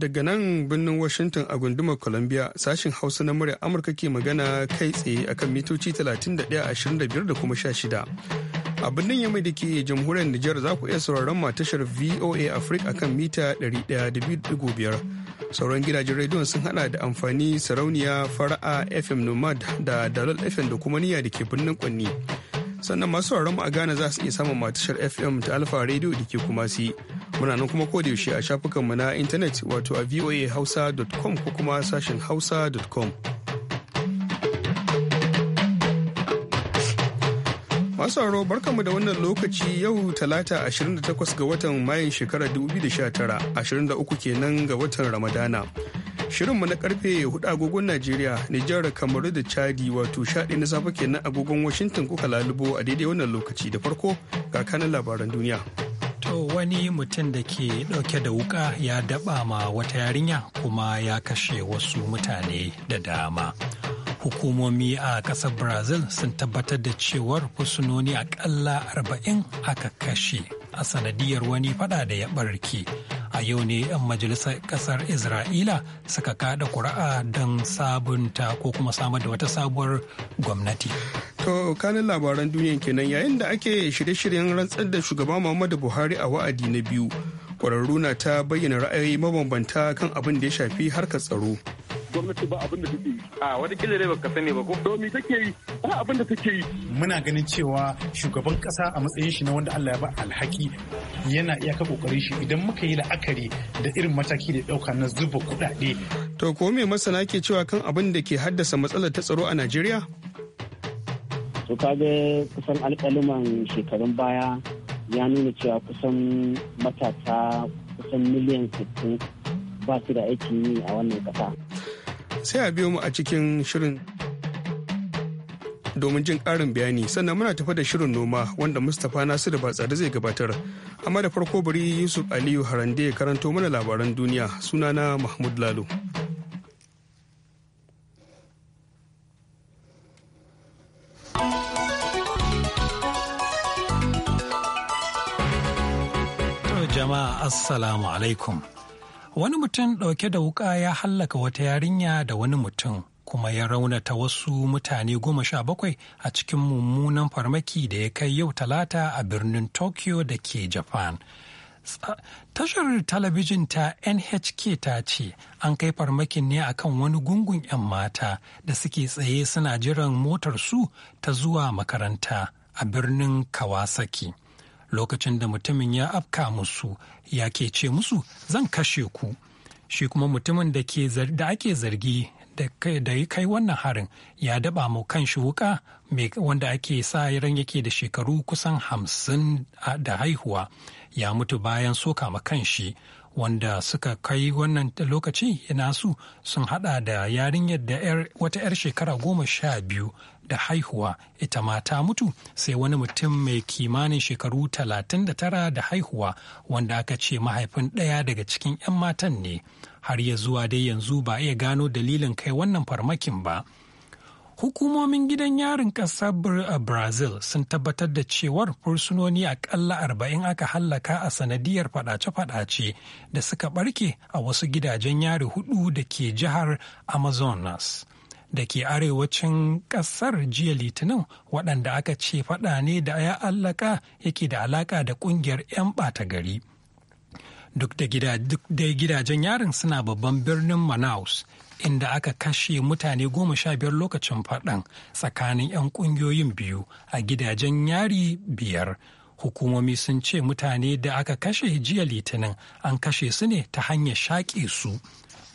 Daga nan birnin Washington a gundumar Columbia sashin Hausa na murya Amurka ke magana kai tsaye akan mitoci 31.25 da kuma 16. A birnin Yamai da ke jamhuriyar Nijar za ku iya sauraron matashar VOA Africa akan mita 100.5. Sauran gidajen rediyon sun hada da amfani sarauniya fara'a FM Nomad da Dalol FM da kuma niyya da ke birnin Kwanni. sannan masu mu a Ghana za su iya samun matashar FM ta Alfa Radio da ke kuma si. Muna nan kuma kodayaushe a shafukanmu na intanet wato a voahausa.com ko kuma sashen hausa.com. Masu sauraro barkanmu da wannan lokaci yau talata 28 ga watan mayun shekarar 2019 23 kenan ga watan Ramadana. Shirinmu na karfe 4 agogon Najeriya, Nijar, Kamaru da Chadi wato shaɗi na safe kenan agogon Washington kuka lalubo a daidai wannan lokaci da farko ga kanan labaran duniya. To wani mutum da ke ɗauke da wuka ya daba ma wata yarinya kuma ya kashe wasu mutane da dama. hukumomi a ƙasar brazil sun tabbatar da cewar fursunoni aƙalla arba'in aka kashe a sanadiyar wani fada da ya barke a yau ne 'yan majalisar kasar isra'ila suka kada kuri'a don sabunta ko kuma samar da wata sabuwar gwamnati to kanin labaran duniya kenan yayin da ake shirye-shiryen rantsar da shugaba muhammadu buhari a wa'adi na biyu kwararru na ta bayyana ra'ayoyi mabambanta kan abin da ya shafi harkar tsaro gwamnati ba abin da take yi a wani dai baka sani ba ko to me take yi ba abin da take yi muna ganin cewa shugaban kasa a matsayin shi na wanda Allah ya ba alhaki yana iyaka kokarin shi idan muka yi la'akari da irin mataki da dauka na zuba kudade to ko me masana ke cewa kan abin da ke haddasa matsalar ta tsaro a Najeriya to kaga kusan alƙaluman shekarun baya ya nuna cewa kusan matasa kusan miliyan 60 ba su da aikin yi a wannan kasa sai a biyo mu a cikin shirin domin jin karin bayani sannan muna tafa da shirin noma wanda mustapha nasiru batsari zai gabatar amma da farko bari yusuf aliyu harande ya karanto mana labaran duniya sunana mahmud lalo jama'a assalamu alaikum wani mutum ɗauke da wuƙa ya hallaka wata yarinya da wani mutum kuma ya raunata wasu mutane goma sha bakwai a cikin mummunan farmaki da ya kai yau talata a birnin tokyo da ke japan tashar talabijin ta nhk ta ce an kai farmakin ne akan wani gungun 'yan mata da suke tsaye suna jiran motar su ta zuwa makaranta a birnin kawasaki lokacin da mutumin ya afka musu ya ke ce musu zan kashe ku shi kuma mutumin da ake zargi da ya kai wannan harin ya daba mu kan shi wuka wanda ake sa ran yake da shekaru kusan hamsin da haihuwa ya mutu bayan soka ma kan shi wanda suka kai wannan lokaci yana su sun hada da yarinyar da wata 'yar shekara goma sha biyu da haihuwa ita ma ta mutu sai wani mutum mai kimanin shekaru 39 da haihuwa wanda aka ce mahaifin ɗaya daga cikin 'yan matan ne har ya zuwa dai yanzu ba iya gano dalilin kai wannan farmakin ba. hukumomin gidan yarin ƙasar brazil sun tabbatar da cewar fursunoni akalla arba'in aka hallaka a sanadiyar fadace-fadace da suka barke a wasu gidajen yari hudu da ke jihar amazonas da ke arewacin ƙasar jiya litinin waɗanda aka ce faɗa ne da ya allaka yake da alaƙa da ƙungiyar 'yan ɓata gari. Duk da gidajen yarin suna babban birnin Manaus, inda aka kashe mutane goma sha biyar lokacin faɗan tsakanin 'yan ƙungiyoyin biyu a gidajen yari biyar. Hukumomi sun ce mutane da aka kashe jiya litinin an kashe su ne ta hanyar shaƙe su.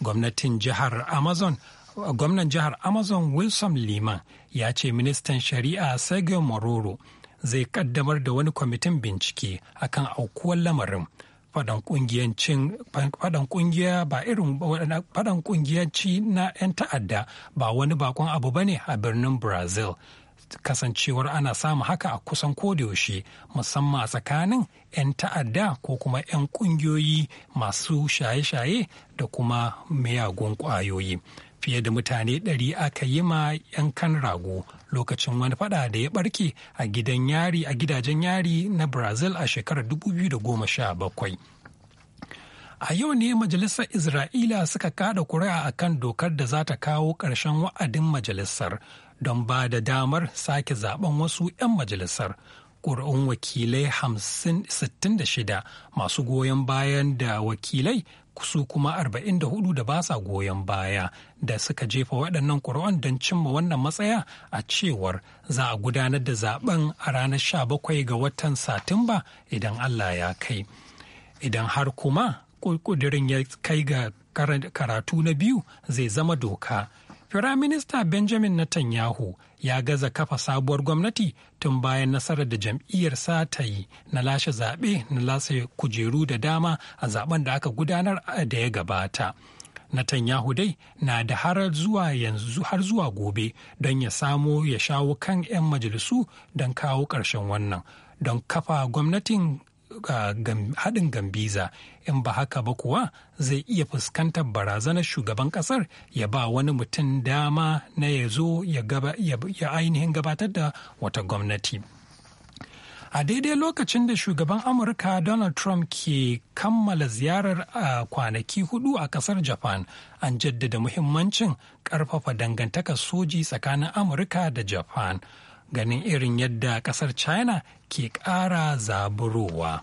gwamnatin jihar amazon gwamnan jihar amazon wilson liman ya ce ministan shari'a sergio mororo zai kaddamar da wani kwamitin bincike akan aukuwar lamarin fadan kungiya ba irin fadan kungiyanci na 'yan ta'adda ba wani bakon abu ba ne a birnin brazil kasancewar ana samun haka a kusan kodayaushe musamman a tsakanin 'yan ta'adda ko kuma 'yan kungiyoyi masu shaye-shaye da kuma miyagun kwayoyi fiye da mutane ɗari aka yi ma 'yan kan rago lokacin wani fada da ya barke a gidan yari a gidajen yari na brazil a shekarar 2017 a yau ne majalisar isra'ila suka kada kuri'a kan dokar da za ta kawo ƙarshen wa'adin majalisar don ba da damar sake zaben wasu 'yan majalisar ƙuri'un wakilai 66 masu goyon bayan da wakilai su kuma arba'in da hudu ba sa goyon baya da suka jefa waɗannan ƙuri'un don cimma wannan matsaya a cewar za a gudanar da zaben a ranar sha bakwai ga watan satumba idan allah ya kai idan har kuma ƙudurin ya kai ga karatu na biyu zai zama doka Firaminista Benjamin Netanyahu ya gaza kafa sabuwar gwamnati tun bayan nasarar da jam'iyyar sa ta yi na lashe zaɓe na lasa kujeru da dama a zaben da aka gudanar da ya gabata. Netanyahu dai na da har zuwa yanzu har zuwa gobe don ya samo ya shawo kan 'yan majalisu don kawo ƙarshen wannan don kafa gwamnatin haɗin gambiza in ba haka ba kuwa zai iya fuskantar barazanar shugaban ƙasar ya ba wani mutum dama na ya zo ya ainihin gabatar da wata gwamnati. a daidai lokacin da shugaban amurka donald trump ke kammala ziyarar a kwanaki hudu a kasar japan an jaddada muhimmancin karfafa dangantakar soji tsakanin amurka da japan ganin irin yadda kasar china ke ƙara zaburowa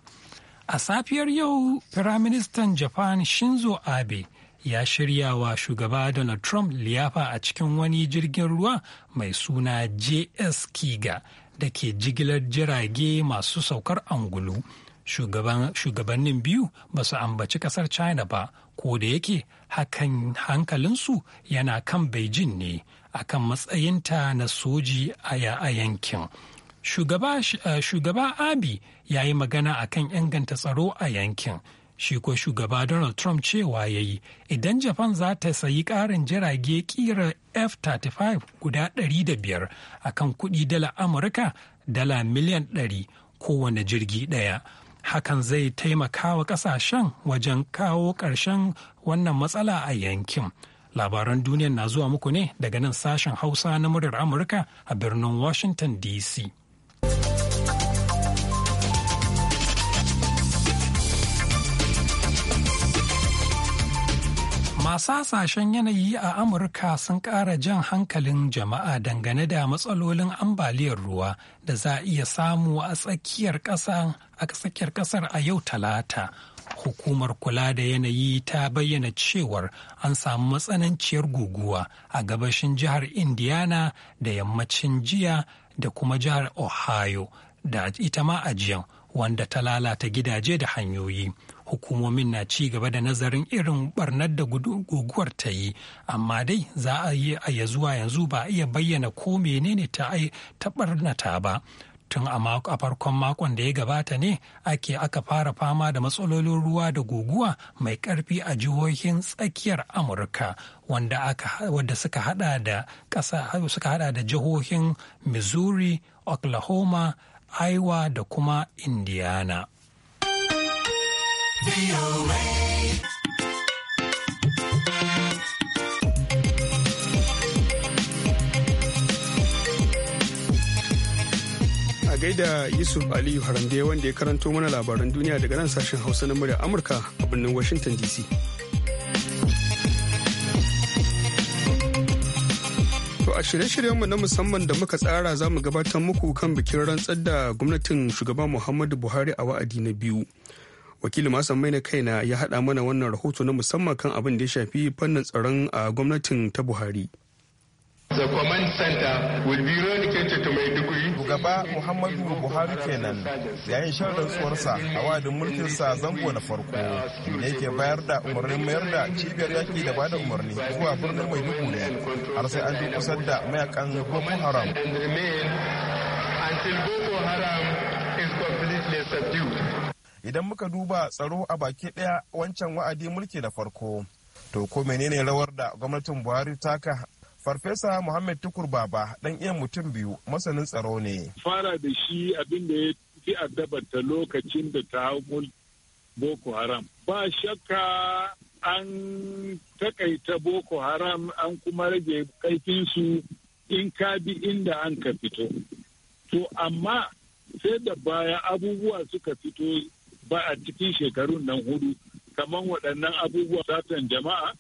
a safiyar yau firaministan japan shinzo abe ya shirya wa shugaba donald trump liyafa a cikin wani jirgin ruwa mai suna js kiga da ke jigilar jirage masu saukar angulu shugabannin biyu ba su ambaci kasar china ba ko da yake hakan hankalinsu yana kan beijing ne akan matsayinta na soji a yankin. Eh, shugaba Abi ya yi magana akan inganta tsaro a yankin. Shi ko shugaba Donald Trump cewa ya yi, idan Japan za ta sayi ƙarin jirage ƙira F-35 guda 500 akan kuɗi dala Amurka dala miliyan 100 kowane jirgi ɗaya. hakan zai taimaka wa kasashen wajen kawo ƙarshen wannan matsala a yankin labaran duniya na zuwa muku ne daga nan sashen hausa na muryar amurka a birnin washington dc masu hasashen yanayi a amurka sun ƙara jan hankalin jama'a dangane da matsalolin ambaliyar ruwa da za a iya samu a tsakiyar ƙasar a yau talata hukumar kula da yanayi ta bayyana cewar an samu matsananciyar guguwa a gabashin jihar indiana da yammacin jiya da kuma jihar ohio da ita ma a wanda ta lalata gidaje da hanyoyi hukumomin na ci gaba da nazarin irin barnar da guguwar ta yi amma dai za a yi a zuwa yanzu ba a iya bayyana ko menene ta barnata ba tun a farkon makon da ya gabata ne ake aka fara fama da matsalolin ruwa da guguwa mai karfi a jihohin tsakiyar amurka wanda suka hada da suka hada da jihohin missouri oklahoma iowa da kuma indiana gaida Yusuf Aliyu harande wanda ya karanto mana labaran duniya daga nan sashen Hausa na murya Amurka a birnin Washington DC. To a shirye-shiryenmu na musamman da muka tsara za mu gabatar muku kan bikin rantsar da gwamnatin shugaban Muhammadu Buhari a wa'adi na biyu. wakili masan mai na kaina ya haɗa mana wannan rahoto na musamman kan abin da ya shafi fannin tsaron a gwamnatin ta Buhari. The command center will be relocated to Maiduguri. gaba Muhammadu Buhari kenan yayin shaidar tsuwarsa a wadin mulkin sa zango na farko ne yake bayar da umarnin mayar da cibiyar yaki da bada umarni zuwa birnin Maiduguri har sai an durkusar da mayakan Boko Haram. Until Boko Haram is completely subdued. idan muka duba tsaro a baki daya wancan wa'adi mulki da farko to ko menene rawar da gwamnatin buhari taka Farfesa Muhammad Tukur Baba dan iya mutum biyu masanin tsaro ne. Fara da shi abin da ya fi adabata lokacin da ta hau Boko Haram. Ba shakka an takaita Boko Haram an kuma rage kaifinsu in ka bi inda an ka fito. To amma sai da baya abubuwa suka fito ba a cikin shekarun nan hudu kamar waɗannan abubuwa satan jama'a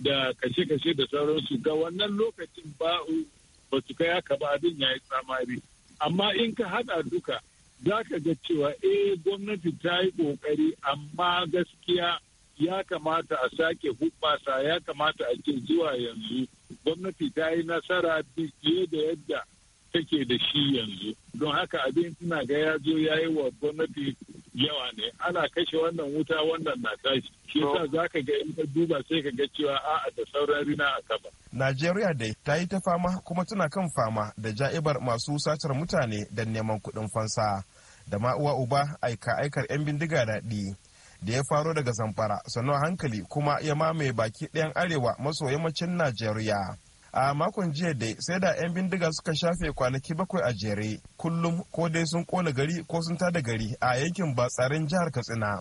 da kashe-kashe da sauransu ga wannan lokacin ba'u ba su kai haka ba abin ya yi tsamari amma in ka hada duka za ka ga cewa eh gwamnati ta yi kokari amma gaskiya ya kamata a sake hubbasa ya kamata a ce zuwa yanzu gwamnati ta yi nasara fiye da yadda take da shi yanzu don haka abin suna ga ya zo ya yi wa gwamnati yawa ne ana kashe wannan wuta wannan na tashi shi yasa za ka ga in ka duba sai ka ga cewa a'a da sauran rina a kaba. Najeriya dai ta yi ta fama kuma tana kan fama da ja'ibar masu satar mutane da neman kuɗin fansa da ma uwa uba aika aikar 'yan bindiga daɗi da ya faro daga zamfara sannan hankali kuma ya mamaye baki ɗayan arewa maso yammacin Najeriya. a makon jiya dai sai da 'yan bindiga suka shafe kwanaki bakwai a jere kullum ko dai sun kona gari ko sun tada gari a yankin batsarin jihar katsina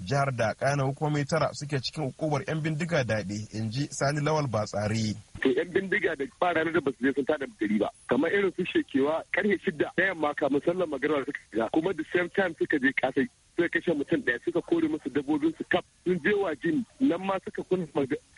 jihar da kana hukumomi tara suke cikin hukumar 'yan bindiga daɗi in ji sani lawal batsari to yan bindiga da ba ranar da basu je sun tada gari ba kamar irin su shekewa karfe shida na yamma kamar sallar magana suka shiga kuma da same time suka je kasai suka kashe mutum ɗaya suka kore musu dabbobin su kaf sun je wa jini nan ma suka kunna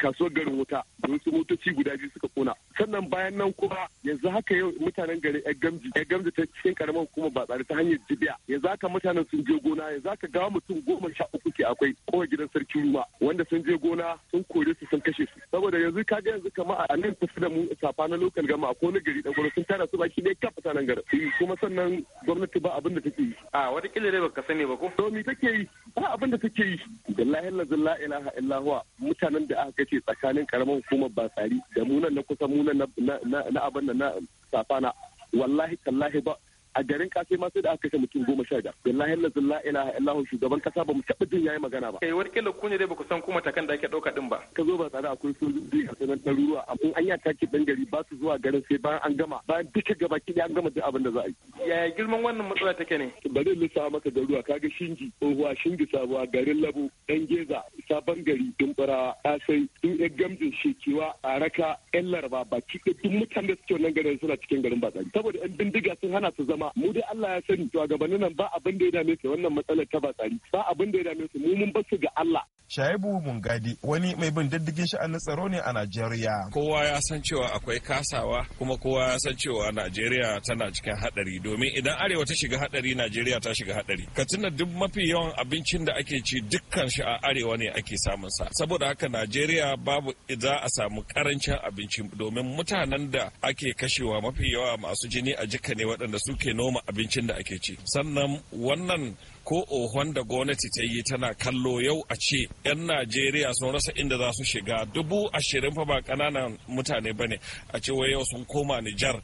kasuwar garin wuta da su motoci guda biyu suka kona sannan bayan nan kuma yanzu haka yau mutanen garin yan gamji yan gamji ta cikin karamar kuma ba tsari ta hanyar jibiya yanzu haka mutanen sun je gona yanzu haka gawa mutum goma sha uku ke akwai kowa gidan sarki ruwa wanda sun je gona sun kore su sun kashe su saboda yanzu ka ga yanzu kama a nan tafi da mu safa na lokal gama a na gari ɗan sun tara su baki ɗaya kafa mutanen garin eh, kuma sannan gwamnati ba abin da take yi. a wani kila dai baka sani ba ko. to me take yi ba abin da take yi. billahi la ilaha illa huwa mutanen da aka kace tsakanin karamar hukumar basari da munan na kusa munan na abin da na safana wallahi tallahi ba a garin kasai masu da aka kashe mutum goma sha biyar billahi la ilaha illahu shugaban kasa ba mu taba jin yayi magana ba kai eh, warkila ku ne dai ba ku san kuma takan da ake ɗauka din ba ka zo ba tsada akwai sojoji a sanar a amma an yi take ɗan gari ba su zuwa garin sai bayan an gama bayan duka gaba ki an gama duk abin da za a yi yaya girman wannan matsala take ne ba zai lissa maka da ruwa kaga shingi tsohuwa shinji sabuwa garin labu dan geza sabon gari dumbura kasai sun ya gamjin shekewa a raka yan laraba baki duk mutanen da suke wannan garin suna cikin garin ba saboda yan bindiga sun hana su zama amma mu dai Allah ya sani shugabannin nan ba abin da ya dame su wannan matsalar ta batsari ba abin da ya dame su mu mun su ga Allah Shaibu Mungadi wani mai bin diddigin sha'anin tsaro ne a Najeriya. Kowa ya san cewa akwai kasawa kuma kowa ya san cewa Najeriya tana cikin hadari domin idan Arewa ta shiga hadari Najeriya ta shiga hadari. Ka tuna duk mafi yawan abincin da ake ci dukkan shi a Arewa ne ake samun sa. Saboda haka Najeriya babu za a samu karancin abinci domin mutanen da ake kashewa mafi yawa masu jini a jika ne waɗanda suke noma abincin da ake ci sannan wannan ko ohon da gwamnati ta yi tana kallo yau a ce 'yan najeriya sun rasa inda za su shiga dubu ashirin fa ba kananan mutane ba ne a ce wai yau sun koma nijar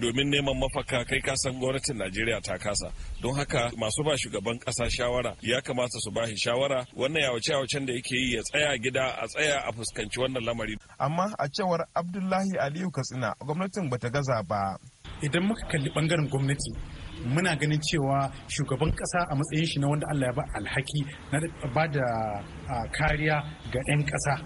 domin neman mafaka kai kasan gwamnatin najeriya ta kasa don haka masu ba shugaban kasa shawara ya kamata su bashi shawara wannan wuce yawacen da yake yi ya tsaya gida a tsaya a fuskanci wannan lamari amma a cewar abdullahi aliyu katsina gwamnatin bata gaza ba idan muka kalli bangaren gwamnati muna ganin cewa shugaban kasa a matsayin shi na wanda Allah ya ba alhaki na ba da kariya ga 'yan kasa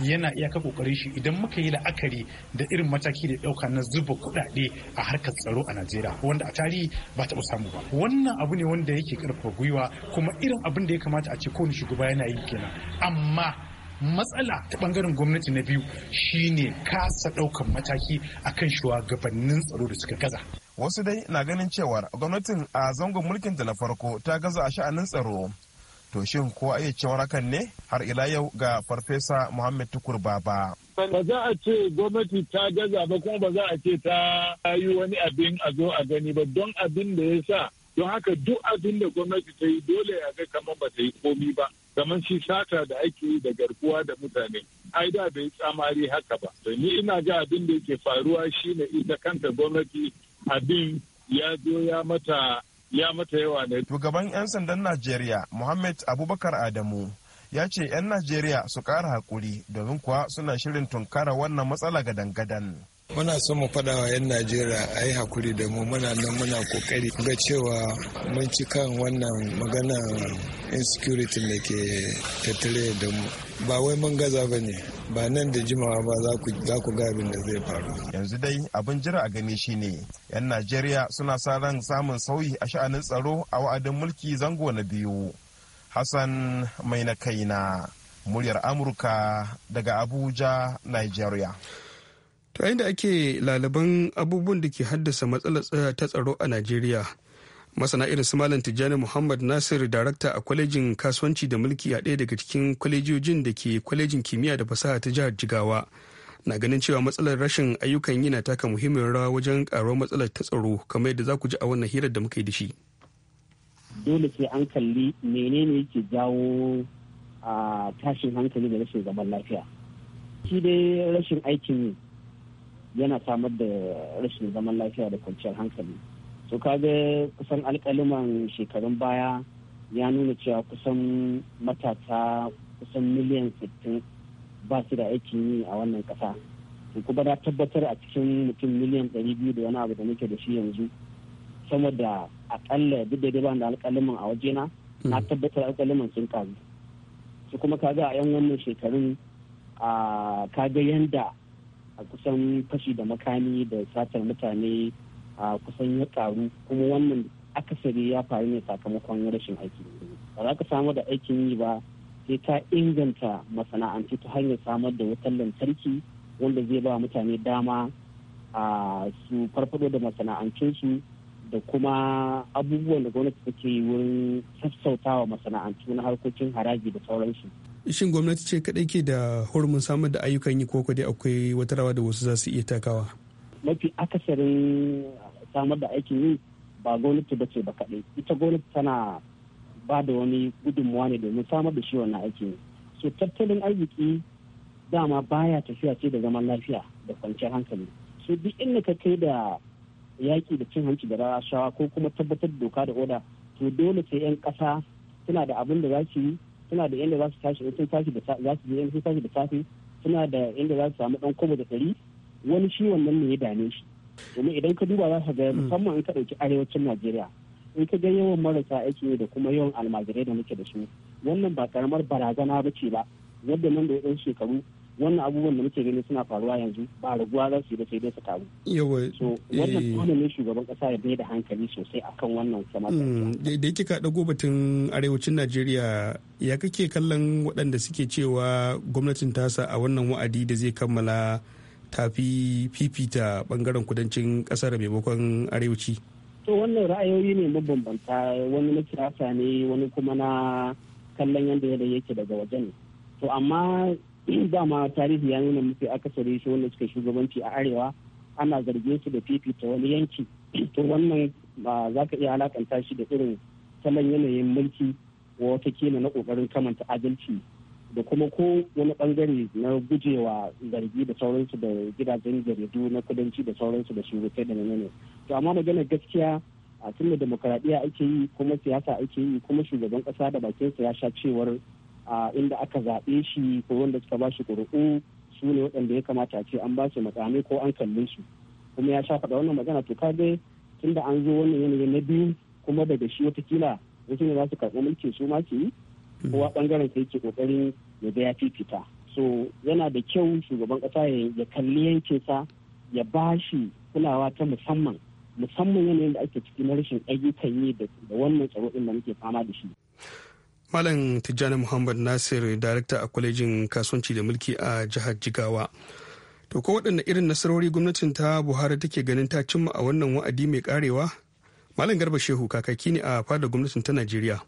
yana iyaka kokarin shi idan muka yi la'akari da irin mataki da dauka na zuba kuɗaɗe a harkar tsaro a Najeriya wanda a tarihi ba taɓa samu ba wannan abu ne wanda yake karfafa gwiwa kuma irin abin da ya kamata a ce kowane shugaba yana yi kenan amma matsala ta bangaren gwamnati na biyu shine kasa daukan mataki a akan shugabannin tsaro da suka gaza wasu dai na ganin cewa gwamnatin a zangon mulkin da na farko ta gaza a sha'anin tsaro to shin ko a iya cewar hakan ne har ila yau ga farfesa muhammad tukur baba ba za a ce gwamnati ta gaza ba kuma ba za a ce ta yi wani abin a zo a gani ba don abin da ya sa don haka duk abin da gwamnati ta yi dole ya ga kamar ba ta yi komi ba kamar shi sata da ake yi da garkuwa da mutane ai da bai tsamari haka ba to ni ina ga abin da yake faruwa shine ita kanta gwamnati abin ya zo ya mata ya mata yawa ne shugaban yan sandan Najeriya Muhammad Abubakar Adamu ya ce 'yan Najeriya su kara hakuri domin kuwa suna shirin tunkara wannan matsala gadan-gadan. Muna son mu faɗa wa 'yan Najeriya a yi hakuri da mu muna nan muna kokari ga cewa mun ci kan wannan magana insecurity da ke tattare da mu. Ba wai mun gaza ba ne, ba nan da jimawa ba za ku ga abin da zai faru. Yanzu dai abin jira a gani shine 'yan Najeriya suna sa ran samun sauyi a sha'anin tsaro a wa'adin mulki zango na biyu. Hassan mai na kaina muryar Amurka daga Abuja, Nigeria. ta inda ake lalaban abubuwan da ke haddasa matsalar ta tsaro a najeriya masana irin su malam tijjani muhammad nasir darakta a kwalejin kasuwanci da mulki a ɗaya daga cikin kwalejojin da ke kwalejin kimiyya da fasaha ta jihar jigawa na ganin cewa matsalar rashin ayyukan yi na taka muhimmiyar rawa wajen karo matsalar ta tsaro kamar yadda za ku ji a wannan hirar da muka yi da shi dole sai an kalli menene yake jawo a tashin hankali da rashin zaman lafiya shi dai rashin aikin yi yana samar da rashin zaman lafiya da kwanciyar hankali so kaga kusan alkaliman shekarun baya ya nuna cewa kusan matasa kusan miliyan 60 ba su da aiki yi a wannan kasa to kuma na tabbatar a cikin mutum miliyan 200 da wani abu da muke da shi yanzu sama da akalla duk da ban da alkaliman a wajena na hmm. tabbatar alkaliman sun karu su kuma kaga a yan wannan shekarun a kaga yanda a kusan fashi da makami da satar mutane a kusan ya karu kuma wannan akasari ya faru ne sakamakon rashin aiki ba za ka samu da aikin yi ba sai ta inganta masana'antu ta hanyar samar da wutar lantarki wanda zai ba mutane dama a su farfado da masana'antunsu da kuma abubuwan da gwamnati take yi wurin sassautawa masana'antu na harkokin haraji da sauransu shin gwamnati ce kadai ke da hurumin samar da ayyukan yi koko dai akwai wata rawa da wasu za su iya takawa mafi akasarin samar da aikin yi ba gwamnati ba ce ba kadai ita gwamnati tana ba da wani gudunmuwa ne domin samar da shi wannan aikin so tattalin arziki dama baya tafiya ce da zaman lafiya da kwanciyar hankali so duk inda ka kai da yaƙi da cin hanci da rashawa ko kuma tabbatar da doka da oda to dole sai 'yan ƙasa suna da abin da za su yi suna da inda za su tashi sun tashi da za su je sun tashi da safe suna da inda za su samu dan kobo da ɗari wani shi wannan ne ya dame shi domin idan ka duba za ka ga hmm. musamman in ka ɗauki arewacin najeriya in ka ga yawan marasa aiki da kuma yawan almajirai da muke da su wannan ba karamar barazana ba ce ba yadda nan da ya shekaru wannan abubuwan da muke gani suna faruwa yanzu ba raguwa za su yi da sai dai su taru. So wannan eh. dole ne shugaban kasa ya bai da hankali sosai a kan wannan sama. Hmm, da yake ka ɗago batun arewacin Najeriya ya kake kallon waɗanda suke cewa gwamnatin tasa a wannan wa'adi da zai kammala tafi fifita bangaren kudancin ƙasar maimakon arewaci. To wannan ra'ayoyi ne mabambanta wani na kirasa ne wani kuma na kallon yadda yadda yake daga wajen ne. To amma dama tarihi ya nuna mafi akasari shi wanda suka shugabanci a arewa ana zargin su da fifita wani yanki to wannan ba za ka iya alakanta shi da irin salon yanayin mulki watakila na kokarin kamanta adalci da kuma ko wani bangare na gujewa zargi da sauransu da gidajen jaridu na kudanci da sauransu da shugabai da menene to amma magana gaskiya a tunda demokaradiyya ake yi kuma siyasa ake yi kuma shugaban kasa da bakinsa ya sha cewar a inda aka zaɓe shi ko wanda suka ba shi ƙuri'u su ne waɗanda ya kamata ce an ba su makamai ko an kalli su kuma ya sha faɗa wannan magana to ka je tunda an zo wannan yanayi na biyu kuma daga shi watakila wasu ne za su karɓi mulki su ma ke yi kowa ɓangaren sai ke ƙoƙarin ya ga ya fifita so yana da kyau shugaban ƙasa ya kalli yankinsa ya ba shi kulawa ta musamman musamman yanayin da ake ciki na rashin ayyukan yi da wannan tsaro ɗin da muke fama da shi. Malam Tijjani Muhammad Nasir, darakta a kwalejin kasuwanci da mulki a jihar Jigawa. To ko waɗanne irin nasarori gwamnatin ta Buhari take ganin ta cimma a wannan wa'adi mai karewa? Malam Garba Shehu kakaki ne a fada gwamnatin ta Najeriya.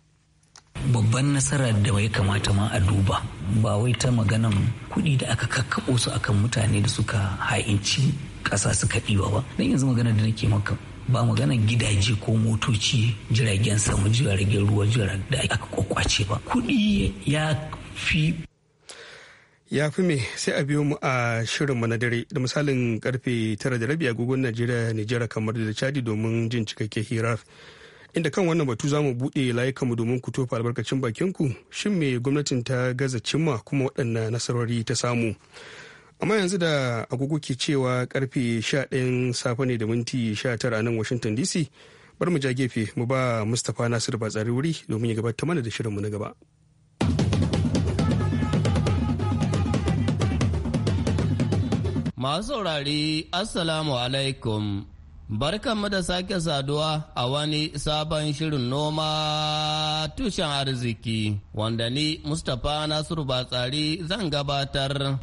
babban nasara da ya kamata ma a duba ba wai ta maganan kuɗi da aka kakkaɓo su akan mutane da suka ha'inci ƙasa suka ɗiwa ba don yanzu maganar da nake maka ba magana gidaje ko motoci jiragen sama jiragen ruwa jiragen da aka kwakwace ba kuɗi ya fi ya fi me sai a biyo mu a shirin na dare da misalin karfe tara da rabi agogon najeriya nijar kamar da chadi domin jin cikakke hirar inda kan wannan batu za mu buɗe layukanmu domin ku tofa albarkacin bakin ku, shin me gwamnatin ta gaza cimma kuma waɗannan nasarori ta samu amma yanzu da agogo ke cewa karfe 11 safe ne da minti 19 nan washington dc bar mu ja gefe mu ba mustapha nasiru batsari wuri domin ya gabata mana da shirinmu na gaba masu saurari assalamu alaikum barkanmu da sake saduwa a wani sabon shirin noma tushen arziki wanda ni mustapha nasiru batsari zan gabatar.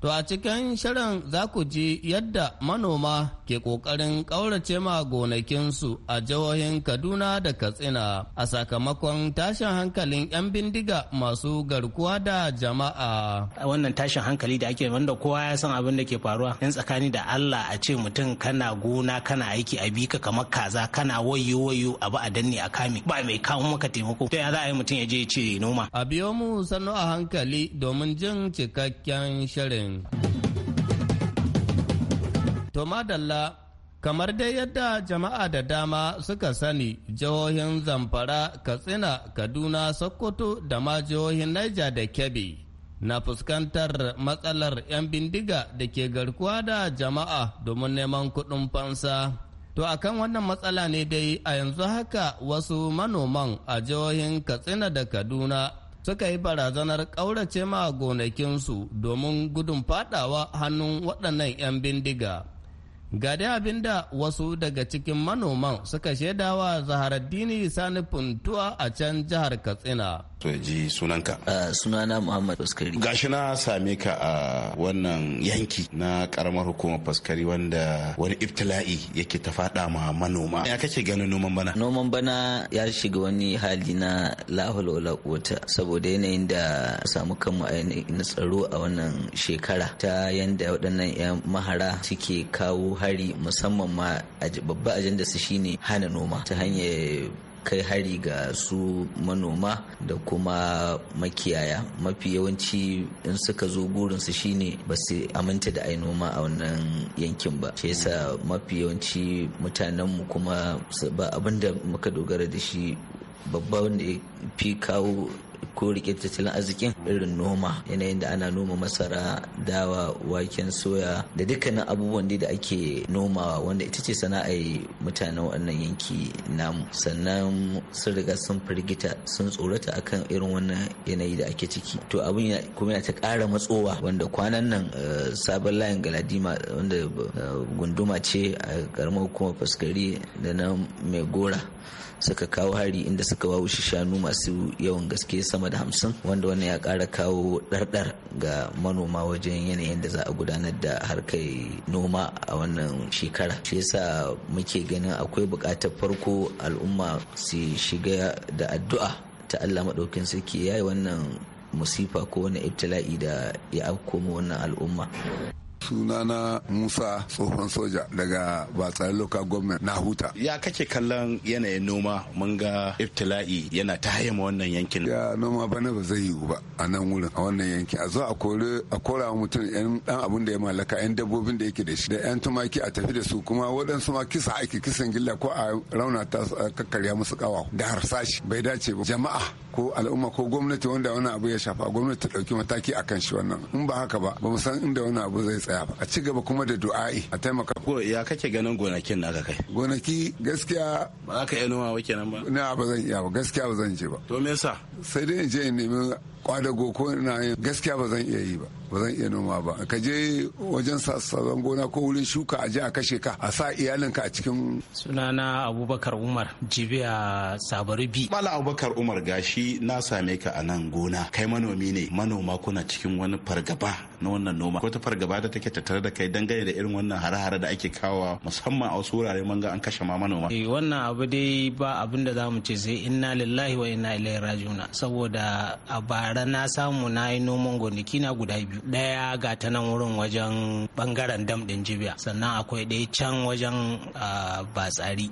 To a cikin shirin za ku ji yadda manoma ke ƙoƙarin ƙaurace ma gonakinsu a jihohin Kaduna da Katsina a sakamakon tashin hankalin 'yan bindiga masu garkuwa da jama'a. Wannan tashin hankali da ake wanda kowa ya san abin da ke faruwa yan tsakani da Allah a ce mutum kana gona kana aiki a bika kamar kaza kana wayo wayo abu a danne a kame ba mai kawo maka taimako. Ta ya za a yi mutum ya je ya ce noma. A biyo mu sannu a hankali domin jin cikakken shirin. To madalla kamar dai yadda jama'a da dama suka sani jihohin zamfara katsina kaduna sokoto da ma jihohin naija da kebbi na fuskantar matsalar 'yan bindiga da ke garkuwa da jama'a domin neman kuɗin fansa to a kan wannan matsala ne dai a yanzu haka wasu manoman a jihohin katsina da kaduna suka yi barazanar ƙaurace ma gonakinsu domin gudun faɗawa hannun waɗannan 'yan bindiga Ga dai abin da wasu daga cikin manoman suka shaidawa Zaharaddini Sani Funtuwa a can jihar Katsina. Soji ji sunanka. sunana Muhammad Faskari. Gashi na same ka a wannan yanki na karamar hukumar Faskari wanda wani iftila'i yake ta faɗa ma manoma. Ya kake ganin noman bana? Noman bana ya shiga wani hali na lahulola wata saboda yanayin da samu kanmu a na tsaro a wannan shekara ta yanda waɗannan 'yan mahara suke kawo hari musamman ma babba ajanda su shine hana noma ta hanyar kai hari ga su manoma da kuma makiyaya mafi yawanci in suka zo burinsu shine ba su aminta da ai noma a wannan yankin ba shi yasa mafi yawanci mutanenmu kuma ba abinda muka dogara da shi babba wanda ya fi kawo ko rike tattalin arzikin irin noma yanayin da ana noma masara dawa waken soya da dukkanin abubuwan da ake nomawa wanda ita ce sana'ar mutanen wannan yanki namu sannan sun riga sun firgita sun tsorata akan irin wannan yanayi da ake ciki to abin kuma yana ta ƙara matsowa wanda kwanan nan eh, sabon layin galadima wanda eh, gunduma ce a karamar hukumar faskari da na mai gora suka kawo hari inda suka shi shanu masu yawan gaske sama da hamsin wanda wannan ya kara kawo ɗarɗar ga manoma wajen yanayin da za a gudanar da harkar noma a wannan shekara shi yasa muke ganin akwai bukatar farko al'umma su shiga da addu'a ta allah maɗaukin sarki yayi wannan musifa ko wani ibtila'i da ya wannan al'umma sunana musa tsohon soja daga batsari local government na huta ya kake kallon yanayin noma mun ga iftila'i yana ta hayyama wannan yankin ya noma bana ba zai yiwu ba a nan wurin a wannan yankin a zo a kore a kora mutum yan dan abin da ya mallaka yan dabbobin da yake da shi da yan tumaki a tafi da su kuma waɗansu ma kisa ake kisan gilla ko a raunata kakkarya musu kawa da harsashi bai dace ba jama'a ko al'umma ko gwamnati wanda wani abu ya shafa gwamnati ta ɗauki mataki a kan shi wannan in ba haka ba ba mu san inda wani abu zai tsaya ba a ci gaba kuma da du'a'i a taimaka. ko ya kake ganin gonakin na kai. gonaki gaskiya. ba za ka iya noma wa kenan ba. na ba zan iya ba gaskiya ba zan je ba. to me yasa. sai dai in je in nemi kwadago ko ina gaskiya ba zan iya yi ba. ba zan iya noma ba ka je wajen sassan gona ko wurin shuka a je a kashe ka a sa iyalinka a cikin sunana abubakar umar jibi a sabari bi mala abubakar umar gashi na same ka a nan gona kai manomi ne manoma kuna cikin wani fargaba na wannan noma ko ta fargaba da take tattare da kai dangane da irin wannan hare-hare da ake kawo musamman a wasu wurare manga an kashe ma manoma eh, wannan abu dai ba abin da zamu ce sai inna lillahi wa inna ilaihi rajiuna saboda a bara na samu na yi noman gonaki na guda biyu daya ga ta nan wurin wajen bangaren dam ɗin jibiya sannan akwai ɗaya can wajen batsari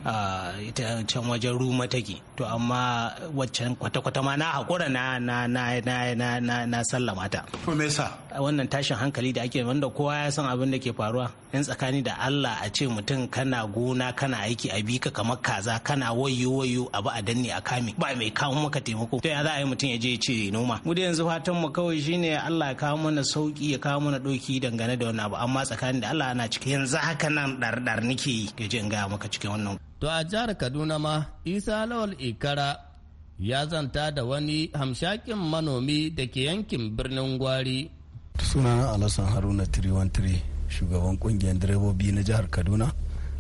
ita can wajen ruma take to amma waccan kwata-kwata ma na haƙura na na na na na sallama ta. To me sa. Wannan tashin hankali da ake wanda kowa ya san abin da ke faruwa in tsakani da Allah a ce mutum kana gona kana aiki a bika kamar kaza kana wayo wayo abu a danne a kame ba mai kawo maka taimako to ya za a yi mutum ya je ya ce noma mu da yanzu fatan mu kawai shine Allah ya kawo mana sauki ya kawo mana doki dangane da wani abu amma tsakanin da Allah ana cikin yanzu haka nan ɗarɗar nake yi ya je in maka cikin wannan. To a jihar Kaduna ma Isa Lawal Ikara ya zanta da wani hamshakin manomi da ke yankin birnin Gwari. Sunana Alasan Haruna 313 shugaban kungiyar direbobi na jihar Kaduna.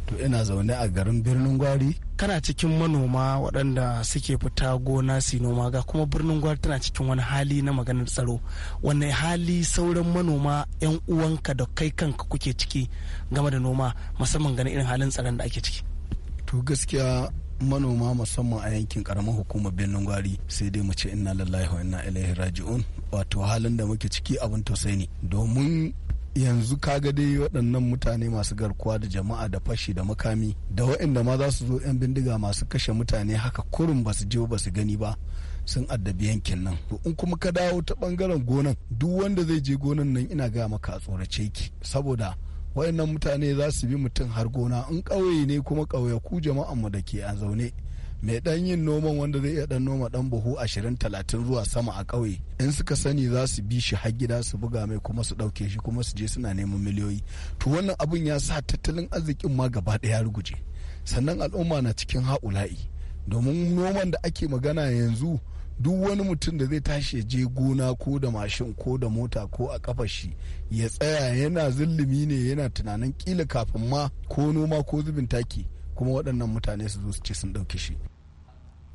To ina zaune a garin birnin Gwari kana cikin manoma waɗanda suke fita gona su noma ga kuma birnin gwari tana cikin wani hali na maganar tsaro wanne hali sauran manoma 'yan uwanka da kai kanka kuke ciki game da noma musamman ganin irin halin tsaron da ake ciki to gaskiya manoma musamman a yankin karamar hukumar birnin gwari sai dai mu ce inna lallahi wa inna ilaihi raji'un wato halin da muke ciki abin tausayi ne domin yanzu kaga dai waɗannan mutane masu garkuwa da jama'a da fashi da makami da waɗanda ma za su zo 'yan bindiga masu kashe mutane haka kurin ba su je ba su gani ba sun addabi yankin nan to in kuma ka dawo ta ɓangaren gonan duk wanda zai je gonan nan ina gaya maka a tsorace ki saboda waɗannan mutane za su bi mutum har gona in ƙauye ne kuma ƙauyaku jama'anmu da ke a zaune mai dan yin noman wanda zai iya dan noma dan buhu 20 talatin zuwa sama a ƙauye in suka sani za su bi shi har gida su buga mai kuma su ɗauke shi kuma su je suna neman miliyoyi to wannan abun ya sa tattalin arzikin ma gaba ɗaya ya ruguje sannan al'umma na cikin haula'i domin noman da ake magana yanzu duk wani mutum da zai tashi ya je gona ko da mashin ko da mota ko a kafa shi ya tsaya yana zullumi ne yana tunanin kila kafin ma ko noma ko zubin taki kuma waɗannan mutane su zo su ce sun ɗauki shi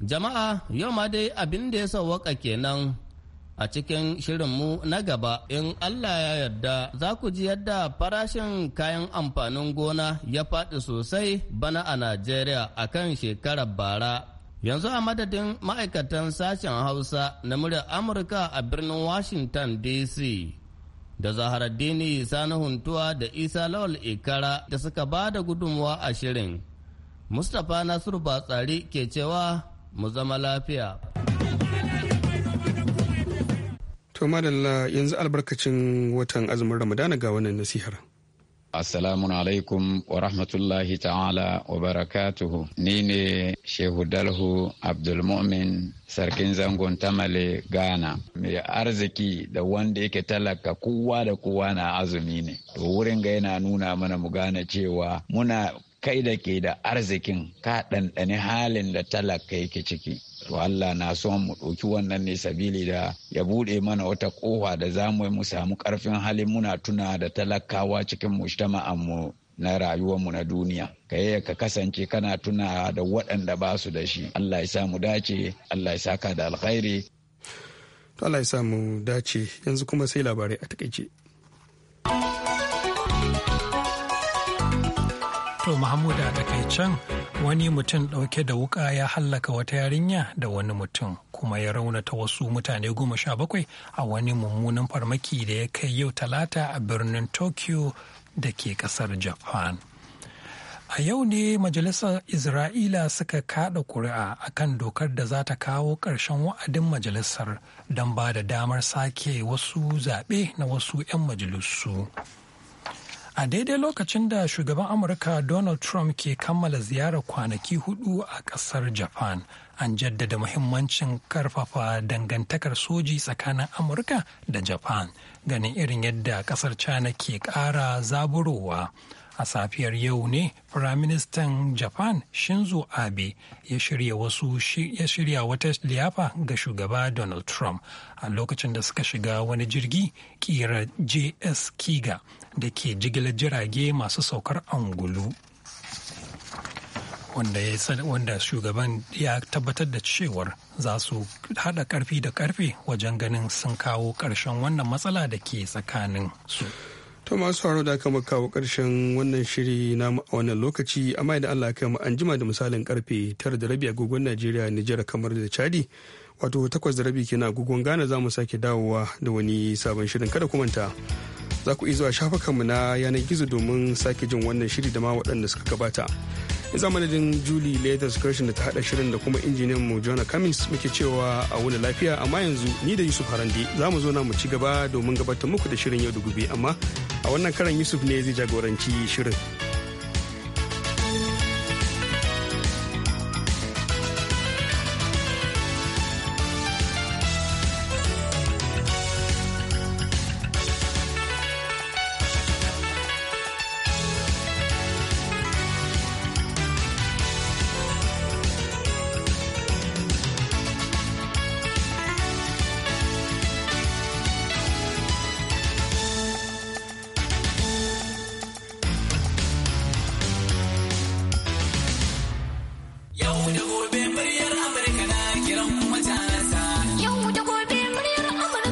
jama'a yau ma dai abin da ya sauwaka kenan a cikin shirin mu na gaba in Allah ya yarda za ku ji yadda farashin kayan amfanin gona ya faɗi sosai bana a Najeriya a kan shekarar bara. Yanzu a madadin ma'aikatan sashen Hausa na muryar Amurka a birnin Washington DC da Zaharaddini Sani Huntuwa da Isa Lawal Ikara da suka ba da gudunmuwa a shirin. Mustapha Nasiru Batsari ke cewa mu zama lafiya. To madalla yanzu albarkacin watan azumin Ramadana ga wannan nasihar. Assalamu alaikum wa rahmatullahi ta'ala wa barakatuhu. Ni ne Shehu Dalhu Abdulmumin Sarkin zangon Tamale Ghana. Mai arziki da wanda yake talaka kowa da kowa na azumi ne. To wurin ga yana nuna mana mu gane cewa muna kai da ke da arzikin ka ɗanɗani halin da talaka yake ciki to Allah na so mu ɗauki wannan ne sabili da ya buɗe mana wata ƙofa da za mu mu samu ƙarfin halin muna tuna da talakawa cikin mu na rayuwarmu na duniya ka yi ka kasance kana tuna da waɗanda ba su da shi Allah ya sa mu dace Allah ya saka da alkhairi Allah ya sa mu dace yanzu kuma sai labarai a takaice. To da kai can wani mutum ɗauke da wuƙa ya hallaka wata yarinya da wani mutum kuma ya raunata wasu mutane goma sha bakwai a wani mummunan farmaki da ya kai yau talata a birnin Tokyo da ke ƙasar Japan. A yau ne Majalisar Isra'ila suka kaɗa ƙuri'a a kan dokar da za ta kawo ƙarshen wa'adin majalisar don ba da damar sake wasu zaɓe na wasu 'yan majalisu. a daidai lokacin da shugaban amurka donald trump ke kammala ziyarar kwanaki hudu a kasar japan an jaddada muhimmancin karfafa dangantakar soji tsakanin amurka da japan ganin irin yadda kasar china ke kara zaburowa a safiyar yau ne firaministan japan shinzo abe ya shirya wasu ya shirya wata liyafa ga shugaba donald trump a lokacin da suka shiga wani jirgi kira js kiga da ke jigilar jirage masu saukar angulu wanda ya wanda shugaban ya tabbatar da cewar za su hada karfi da karfe wajen ganin sun kawo karshen wannan matsala da ke tsakanin su To masu haro da aka kawo karshen wannan shiri na wannan lokaci amma da Allah kama an jima da misalin karfe tara da rabi agogon Najeriya Nijar kamar da Chadi wato takwas da rabi kenan agogon Ghana za mu sake dawowa da wani sabon shirin kada ku manta. Za ku zuwa shafukanmu na yanar gizo domin sake jin wannan shiri da ma waɗanda suka gabata. Ya madadin Julie Leathers karshen da ta haɗa shirin da kuma injiniyan mu Jonah Cummings muke cewa a wani lafiya amma yanzu ni da Yusuf Harande za mu zo na mu ci gaba domin gabatar muku da shirin yau da gobe amma a wannan karan yusuf ne zai jagoranci shirin